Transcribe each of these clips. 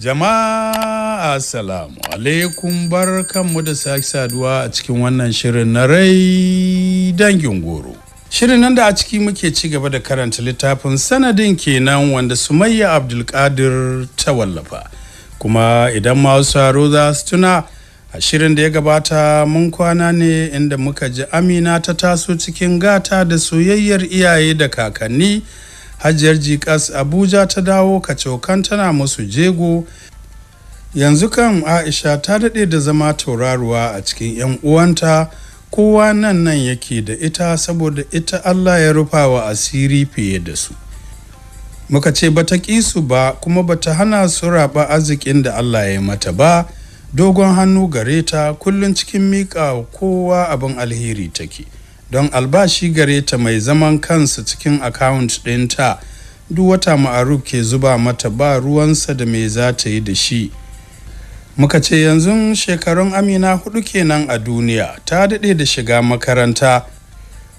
Jama'a Assalamu alaikum bar kanmu da sake saduwa a cikin wannan shirin na rai dangin goro. Shirin nan da a ciki muke ci gaba da karanta littafin sanadin kenan wanda Sumayya Abdulkadir ta wallafa. Kuma idan masu haro za su tuna a shirin da ya gabata mun kwana ne inda muka ji Amina ta taso cikin gata da soyayyar iyaye da kakanni. hajiyar jikas abuja ta dawo kacokan tana musu jego yanzu kan aisha ta daɗe da zama tauraruwa a cikin 'yan uwanta kowa nan nan yake da ita saboda ita allah ya rufa wa asiri fiye da su muka ce bata kisu ba kuma bata hana su raba arzikin da allah ya mata ba dogon hannu gare ta kullum cikin miƙa kowa abin alheri take don albashi gare ta mai zaman kansa cikin akawunt ɗinta duk wata ma'aruf ke zuba mata ba ruwansa da me za ta yi da shi muka ce yanzu shekarun amina hudu kenan a duniya ta daɗe da shiga makaranta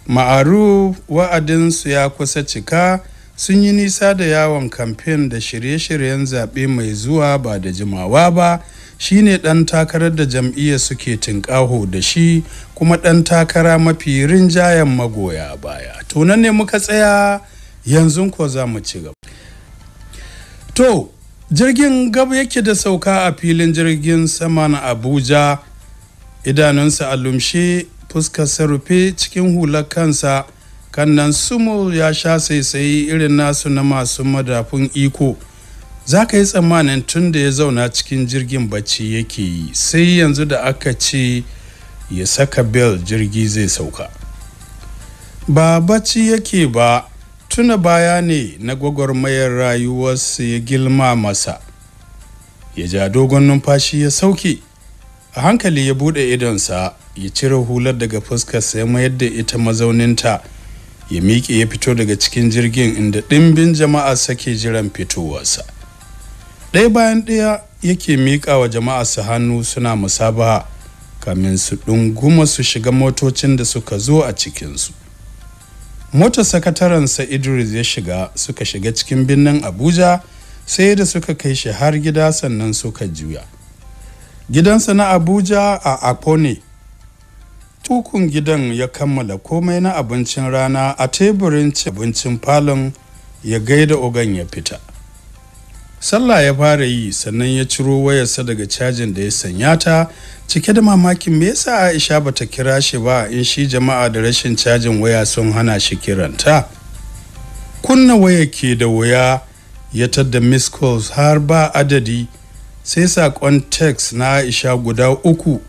ma'aruf wa'adinsu ya kusa cika sun yi nisa da yawon kamfen da shirye-shiryen zaɓe mai zuwa ba da jimawa ba shine ɗan takarar da jam'iyya suke tinƙaho da shi kuma ɗan takara mafi rinjayen magoya baya tunan ne muka tsaya yanzu ko za mu ci gaba to jirgin gab yake da sauka a filin jirgin sama na abuja idanunsa a lumshe fuskarsa rufe cikin hular kansa kannan sumul ya sha saisayi irin nasu na masu madafun iko za ka yi tsammanin tun da ya zauna cikin jirgin bacci yake yi sai yanzu da aka ce ya saka bel jirgi zai sauka ba bacci yake ba tuna baya ne na gwagwarmayar rayuwarsa ya gilma masa ya ja dogon numfashi ya sauke a hankali ya bude idonsa ya cire hular daga fuskarsa ya mayar da ita mazauninta ya miƙe ya fito daga cikin jirgin inda ɗimbin jama'a sake jiran fitowarsa ɗaya bayan ɗaya yake miƙa wa jama'a su hannu suna musabaha kamin su ɗunguma su shiga motocin da suka zo a cikinsu motar sakatarensa idris ya shiga suka shiga cikin birnin abuja sai da suka kai shi har gida sannan suka juya gidansa na abuja a akone tukun gidan ya kammala komai na abincin rana a teburin abincin falon ya gaida ogan ya fita sallah ya fara yi sannan ya ciro wayarsa daga cajin da ya sanya ta cike da mamakin me yasa aisha bata kira shi ba in shi jama'a da rashin cajin waya sun hana shi kiranta kunna waya ke da waya ya tadda miss calls har ba adadi sai saƙon text na aisha guda uku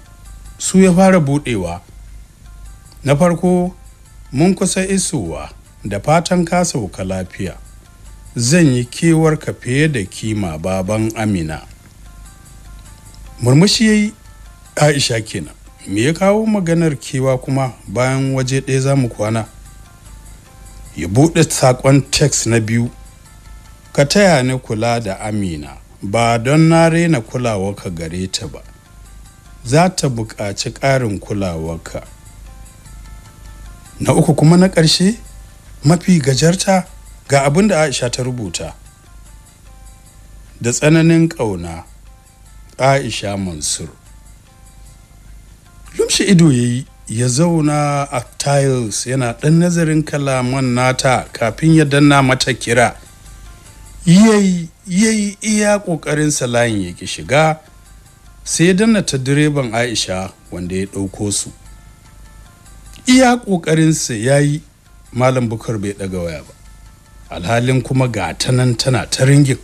su ya fara budewa na farko mun kusa isowa da fatan ka sauka lafiya zan yi kewar ka fiye da kima baban amina murmushi ya yi aisha kenan me ya kawo maganar kewa kuma bayan waje ɗaya za mu kwana ya buɗe saƙon text na biyu ka taya ni kula da amina ba don na rena kulawarka gare ta ba za ta buƙaci ƙarin kulawarka na uku kuma na ƙarshe mafi gajarta ga abin da aisha ta rubuta da tsananin ƙauna aisha mansur lumshi ido ya ya zauna a tiles yana ɗan nazarin kalaman nata kafin ya danna mata kira yayi yayi iya ƙoƙarinsa layin ya ki shiga sai ya danna ta direban aisha wanda ya ɗauko su iya ƙoƙarinsa ya yi malam bukar bai ɗaga waya ba alhalin kuma ga ta nan tana ta ringin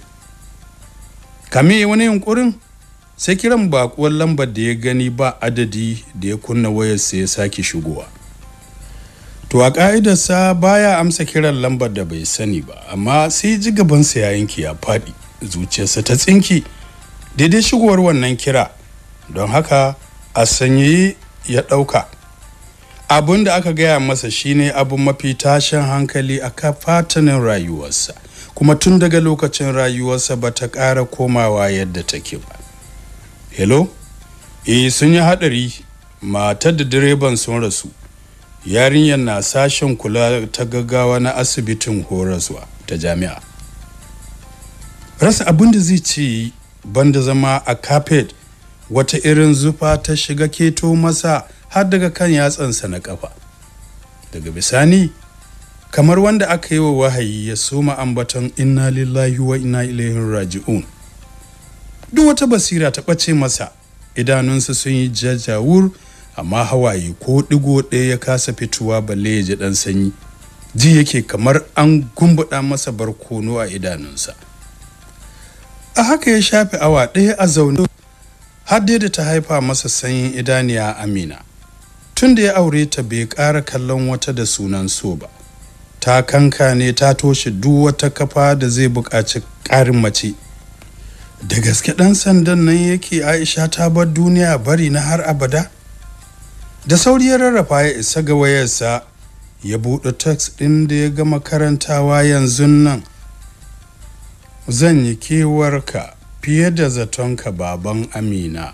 kame wani yunkurin sai kiran bakuwar lambar da ya gani ba adadi da ya kunna wayarsa ya sake shigowa to a ƙa'idarsa baya amsa kiran lambar da bai sani ba amma sai ji gabansa ya yanki ya faɗi zuciyarsa ta tsinki daidai shigowar wannan kira don haka a sanyi ya ɗauka abun da aka gaya masa shine abun mafi tashin hankali a kafatanin rayuwarsa kuma tun daga lokacin rayuwarsa ba ta ƙara komawa yadda take ba hello eh sun yi hadari, matar da direban sun rasu yarinyar na sashen kula ta gaggawa na asibitin horaswa ta jami'a rasa abin da zai ce banda zama a kafet wata irin zufa ta shiga keto masa har daga kan yatsansa na ƙafa daga bisani kamar wanda aka yi wa wahayi ya soma ambaton inna lillahi wa inna ilaihi raji'un duk wata basira ta ɓace masa idanunsa sun yi jajawur amma hawaye ko ɗigo ɗaya ya kasa fitowa balle ya ji ɗan sanyi ji yake kamar an gumbuɗa masa barkono a idanunsa a haka ya shafe awa ɗaya a zaune har da ta haifa masa sanyin idaniya amina tun da ya aure ta bai ƙara kallon wata da sunan so ba ta kanka ne ta toshe duk wata kafa da zai buƙaci ƙarin mace da gaske ɗan sandan nan yake aisha ta bar duniya bari na har abada da sauri ya rarrafa ya isa ga wayarsa ya buɗe tax ɗin da ya gama karantawa yanzu nan zan yi kewarka fiye da zatonka baban amina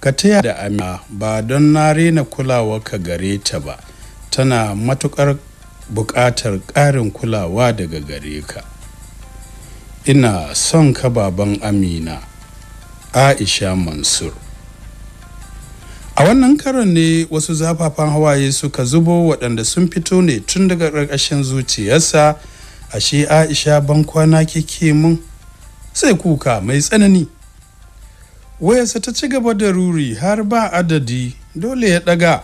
ka taya da amina ba don na rena kulawa ka gare ta ba tana matukar buƙatar ƙarin kulawa daga gare ka ina son ka baban amina aisha mansur a wannan karon ne wasu zafafan hawaye suka zubo waɗanda sun fito ne tun daga ƙarƙashin zuciyarsa ashe aisha bankwana kike mun sai kuka mai tsanani wayarsa ta ci gaba da ruri har ba adadi dole ya ɗaga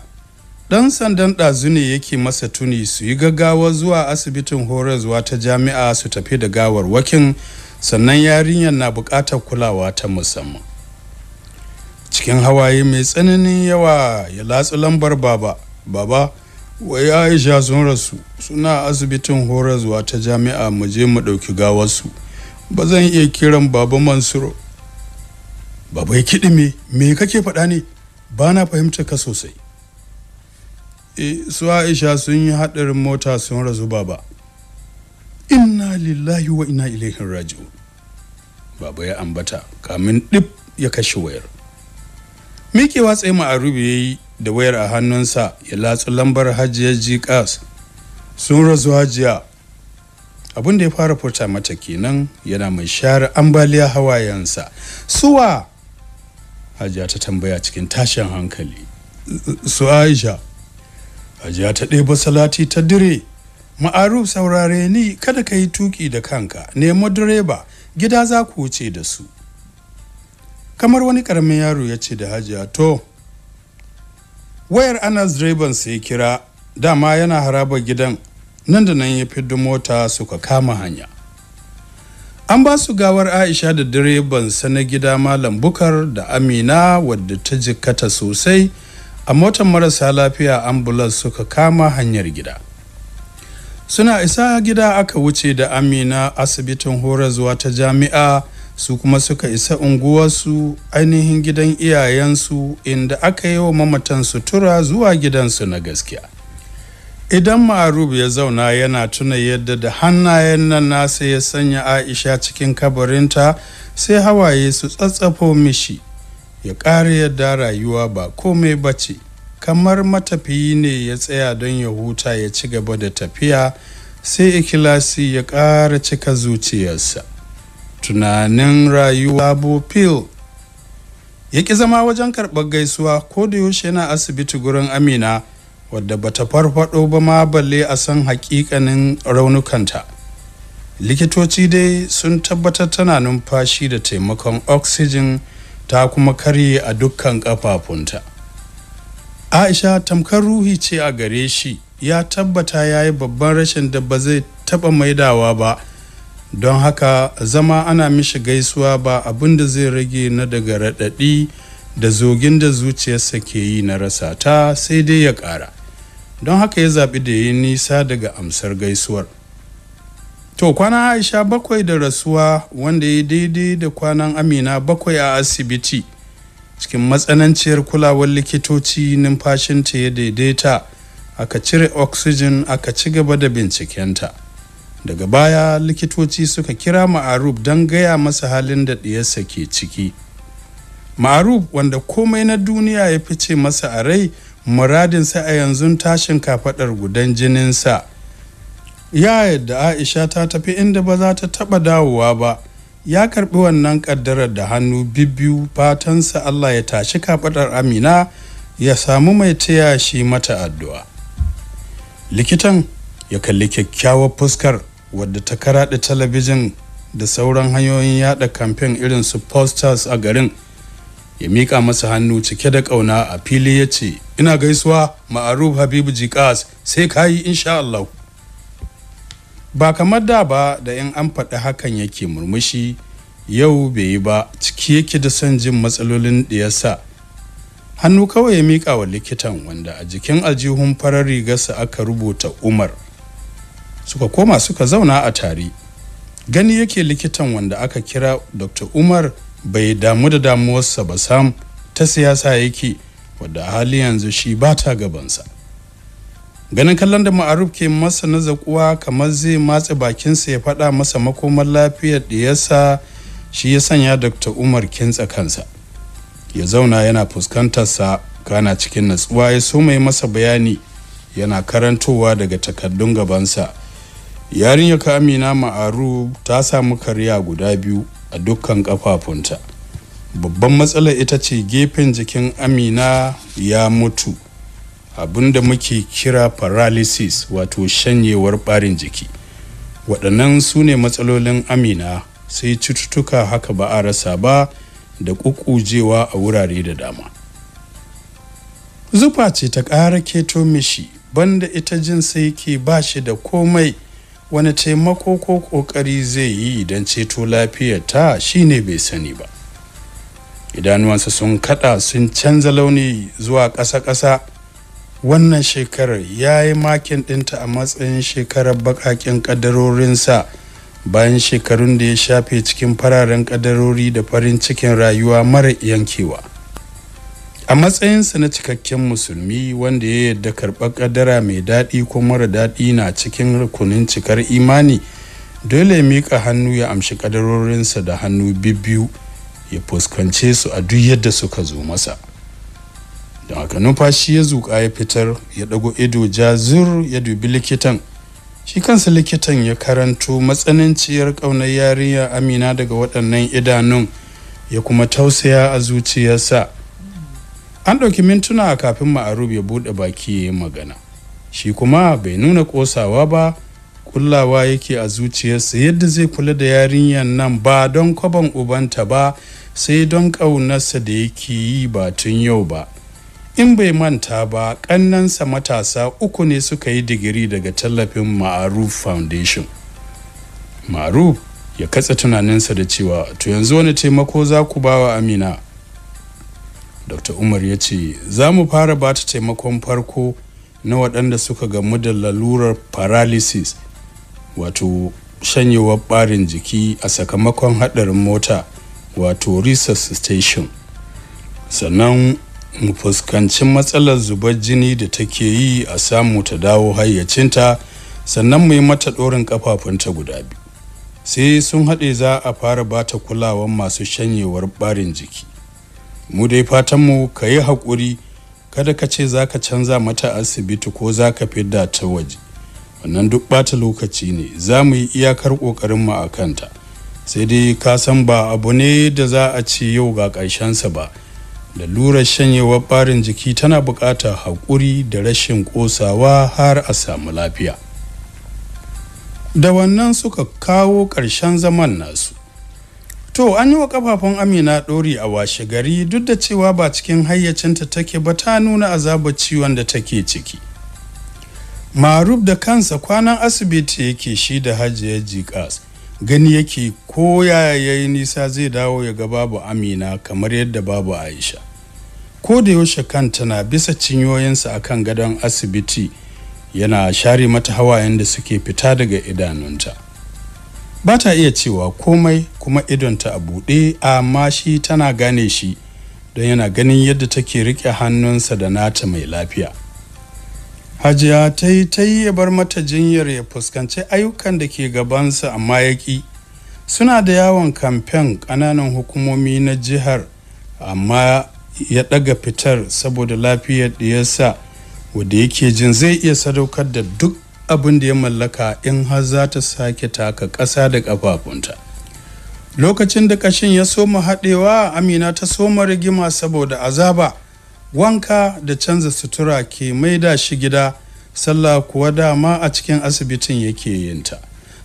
ɗan sandan ɗazu ne yake masa tuni su yi gaggawa zuwa asibitin horazwa ta jami'a su tafi da gawar wakin sannan yarinyar na buƙatar kulawa ta musamman cikin hawaye mai tsananin yawa ya latsu lambar baba baba wai aisha sun rasu suna asibitin horazwa ta jami'a mu je mu ɗauki gawarsu ba zan iya kiran baba mansur Baba ya kiɗi me, me kake faɗa ne? Ba na fahimtar ka sosai. eh su Aisha sun yi haɗarin mota sun razu baba. Inna lillahi wa inna ilaihi raji'un. Baba ya ambata kamin ɗib ya kashe wayar. Mikewa tsaye ma'arubi ya yi da wayar a hannunsa ya latsa lambar hajiya jikas sun razu hajiya abin da ya fara furta mata kenan yana mai share ambaliya hawayensa suwa hajiya ta tambaya cikin tashin hankali su aisha hajiya ta ɗeba salati ta dire ma'aruf saurare ni kada ka yi tuki da kanka nemo direba gida za ku wuce da su kamar wani ƙaramin yaro ya ce da hajiya to wayar ana direban sai kira dama yana haraba gidan nan da nan ya fidda mota suka kama hanya an ba su gawar aisha da direban na gida malam bukar da amina wadda ta jikkata sosai a motar marasa lafiya ambulance suka kama hanyar gida suna isa gida aka wuce da amina asibitin horazwa ta jami'a su kuma suka isa unguwarsu ainihin gidan iyayensu inda aka yi wa mamatan sutura zuwa gidansu na gaskiya idan ma'arub ya zauna yana tuna yadda da hannayen nan nasa ya sanya aisha cikin kabarinta sai hawaye su tsatsafo mishi ya ƙara yadda rayuwa ba komai ba ce kamar matafiyi ne ya tsaya don ya huta ya ci gaba da tafiya sai ikilasi ya ƙara cika zuciyarsa tunanin rayuwa bofil ya ƙi zama wajen karɓar gaisuwa ko da yaushe yana asibiti gurin amina wadda bata farfado ba ma balle a san hakikanin raunukanta likitoci dai sun tabbatar tana numfashi da taimakon oxygen ta kuma karye a dukkan kafafunta aisha tamkar ruhi ce a gare shi ya tabbata ya yi babban rashin da ba zai taba maidawa ba don haka zama ana mishi gaisuwa ba abin da zai rage na daga raɗaɗi da zogin da zuciyarsa ke yi na rasa ta sai dai ya ƙara don haka ya zaɓi da yi nisa daga amsar gaisuwar to kwana aisha bakwai da rasuwa wanda ya daidai da kwanan amina bakwai a asibiti cikin matsananciyar kulawar likitoci numfashinta ya daidaita aka cire oxygen aka ci gaba da bincikenta daga baya likitoci suka kira ma'arub don gaya masa halin da ɗiyarsa ke ciki ma'arub wanda komai na duniya ya fice masa a rai muradinsa a yanzu tashin kafaɗar gudan jininsa ya yadda aisha ta tafi inda ba za ta taɓa dawowa ba ya karɓi wannan ƙaddarar da hannu bibbiyu fatansa allah ya tashi kafaɗar amina ya samu mai taya shi mata addu'a likitan ya kalli kyakkyawar fuskar wadda ta karaɗe talabijin da sauran hanyoyin yada kamfen irin su posters a garin ya miƙa masa hannu cike da ƙauna a fili ya ce ina gaisuwa ma'aruf habibu jikas sai ka yi Allah ba kamar da ba da in an faɗi hakan yake murmushi yau bai yi ba ciki yake da son jin matsalolin da ya sa hannu kawai ya miƙa wa likitan wanda a jikin aljihun farar rigarsa aka rubuta umar suka koma suka zauna a tare gani yake likitan wanda aka kira dr umar bai damu da damuwarsa ba sam ta siyasa yake wadda hali yanzu shi ba ta gabansa ganin kallon da ma'aruf ke masa na zakuwa kamar zai matse bakinsa ya faɗa masa makomar lafiyar ɗiyarsa shi ya sanya dr umar kintsa kansa ya zauna yana fuskantarsa kana cikin natsuwa ya so mai masa bayani yana karantowa daga takardun gabansa yarinyar amina ma'aru ta samu karya guda biyu a dukkan kafafunta babban matsalar ita ce gefen jikin amina ya mutu abinda muke kira paralysis wato shanyewar barin jiki waɗannan su ne matsalolin amina sai cututtuka haka ba a rasa ba da ƙuƙujewa a wurare da dama zufa ce ta ƙara keto mishi banda ita jin sai ke ba shi da komai wani taimako ko kokari zai yi idan ceto ta shine bai sani ba idanuwansa sun kada sun canza launi zuwa ƙasa-ƙasa wannan shekarar ya yi makin ɗinta a matsayin shekarar baƙaƙen ƙaddarorinsa bayan shekarun da ya shafe cikin fararen ƙaddarori da farin cikin rayuwa mara yankewa a matsayinsa na cikakken musulmi wanda ya yarda karɓar ƙadara mai daɗi ko mara daɗi na cikin rukunin cikar imani dole ya miƙa hannu ya amshi ƙadarorinsa da hannu bibbiyu ya fuskance su a duk yadda suka zo masa don haka numfashi ya zuƙa ya fitar ya ɗago ido jazur ya dubi likitan shi kansa likitan ya karanto matsananciyar ƙaunar yarinya amina daga waɗannan idanun ya kuma tausaya a zuciyarsa an ɗauki mintuna kafin ma'arub ya buɗe baki ya magana shi kuma bai nuna ƙosawa ba kullawa yake a zuciyarsa yadda zai kula da yarinyar nan ba don kwaban ubanta ba sai don ƙaunarsa da yake yi ba tun yau ba in bai manta ba ƙannansa matasa uku ne suka yi digiri daga tallafin ma'aruf foundation ma'aruf ya katsa tunaninsa da cewa to yanzu wani taimako za ku bawa amina dr umar ya ce za mu fara ba ta taimakon farko na waɗanda suka gamu da lalurar paralysis wato shanyewar ɓarin jiki a sakamakon haɗarin mota wato resuscitation sannan mu fuskanci matsalar zubar jini da take yi a samu ta dawo hayyacinta sannan mu yi mata ɗorin ƙafafunta guda biyu sai sun haɗe za a fara ba ta kulawan masu shanyewar ɓarin jiki mu dai fatanmu ka yi haƙuri kada ka ce za ka canza mata asibiti ko za ka fidda ta waje wannan duk ɓata lokaci ne za mu yi iyakar ƙoƙarinmu a kanta sai dai ka san ba abu ne da za a ce yau ga ƙarshensa ba da lura shanyewar ɓarin jiki tana buƙatar haƙuri da rashin ƙosawa har a samu lafiya da wannan suka kawo ƙarshen zaman nasu To an yi wa kafafun Amina ɗori a washe gari duk da cewa ba cikin hayyacinta take ba ta nuna azabar ciwon da take ciki. Marub da kansa kwanan asibiti yake shi da Hajji hajiya jikas gani yake ko yaya yi nisa zai dawo ya ga babu Amina kamar yadda babu Aisha. Ko da yaushe kanta na bisa cinyoyinsa a kan gadon asibiti yana share mata hawayen da suke fita daga idanunta. ba ta iya cewa komai kuma idonta a buɗe amma shi tana gane shi don yana ganin yadda take riƙe hannunsa da nata mai lafiya hajiya ta yi ta yi ya bar mata jinyar ya fuskanci ayyukan da ke gabansa amma ya ƙi suna da yawon kamfen ƙananan hukumomi na jihar amma ya ɗaga fitar saboda lafiyar da ya sa wadda yake jin zai iya sadaukar da duk abin da ya mallaka in har za ta sake taka ƙasa da ƙafafunta lokacin da ƙashin ya soma haɗewa amina ta soma rigima saboda azaba wanka da canza sutura ke maida shi gida sallah kuwa dama a cikin asibitin yake yinta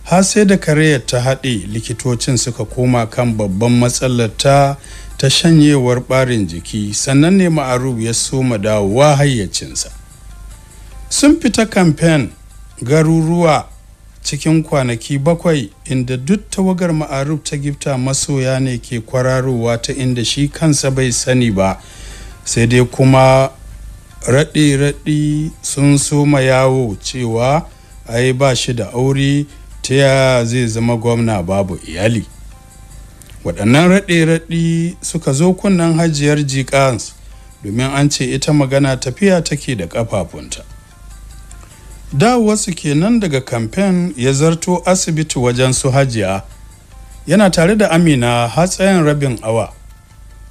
har sai da karayar ta haɗe likitocin suka koma kan babban matsalar ta ta shanyewar ɓarin jiki sannan ne ma'arub ya soma dawowa hayyacinsa sun fita kamfen garuruwa cikin kwanaki bakwai inda duk tawagar ma'aruf ta gifta masoya ne ke kwararowa ta inda shi kansa bai sani ba sai dai kuma raɗe raɗi sun soma yawo cewa ai ba shi da aure ta ya zai zama gwamna babu iyali waɗannan raɗe-raɗi suka zo kunnan hajiyar jikans domin an ce ita magana tafiya take da ƙafafunta. Da dawowarsu kenan daga kamfen ya zarto asibiti wajen su hajiya yana tare da amina har tsayin rabin awa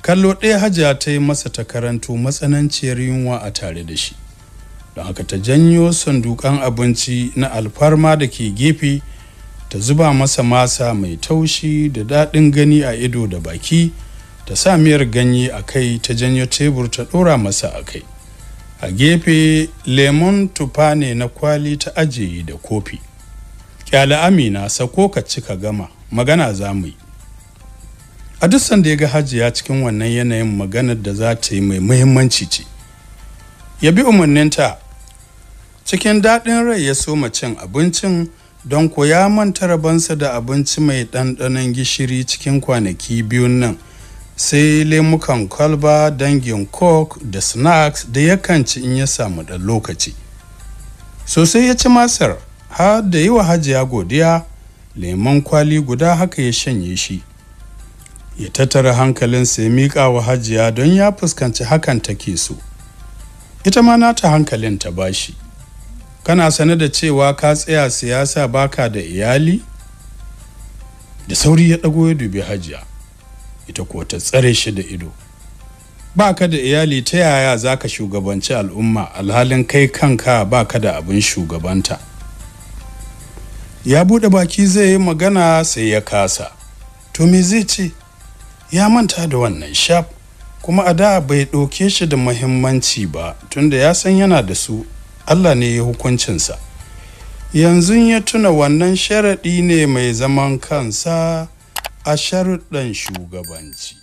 kallo ɗaya hajiya ta yi masa ta karanto matsananciyar yunwa a tare da shi don haka ta janyo sandukan abinci na alfarma da ke gefe ta zuba masa masa mai taushi da daɗin gani a ido da baki ta sa miyar ganye a kai ta janyo tebur ta ɗora masa a kai a gefe lemon tufa na kwali ta ajiye da kofi kyala amina sako ka cika gama magana za mu yi a duk sanda ya ga hajiya cikin wannan yanayin maganar da za ta yi mai muhimmanci ce ya bi umarninta cikin daɗin rai ya soma cin abincin don ko ya manta rabansa da abinci mai ɗanɗanon gishiri cikin kwanaki biyun nan sai lemukan kwalba dangin coke da snacks da yakan ci in ya samu da lokaci sosai ya ci masar har da yi wa hajiya godiya lemon kwali guda haka ya shanye shi ya tattara hankalinsa ya miƙa wa hajiya don ya fuskanci hakan take so ita ma nata hankalin ta bashi kana sane da cewa ka tsaya siyasa baka da iyali da sauri ya ɗago ya dubi hajiya ita ko ta tsare shi da ido baka da iyali ta yaya za ka shugabanci al'umma alhalin kai kanka ba ka da abin shugabanta ya bude baki zai yi magana sai ya kasa to me zai ce ya manta da wannan shaf kuma a da bai ɗauke shi da muhimmanci ba tunda ya san yana da su allah ne ya hukuncinsa yanzu ya tuna wannan sharaɗi ne mai zaman kansa a sharuɗɗan shugabanci.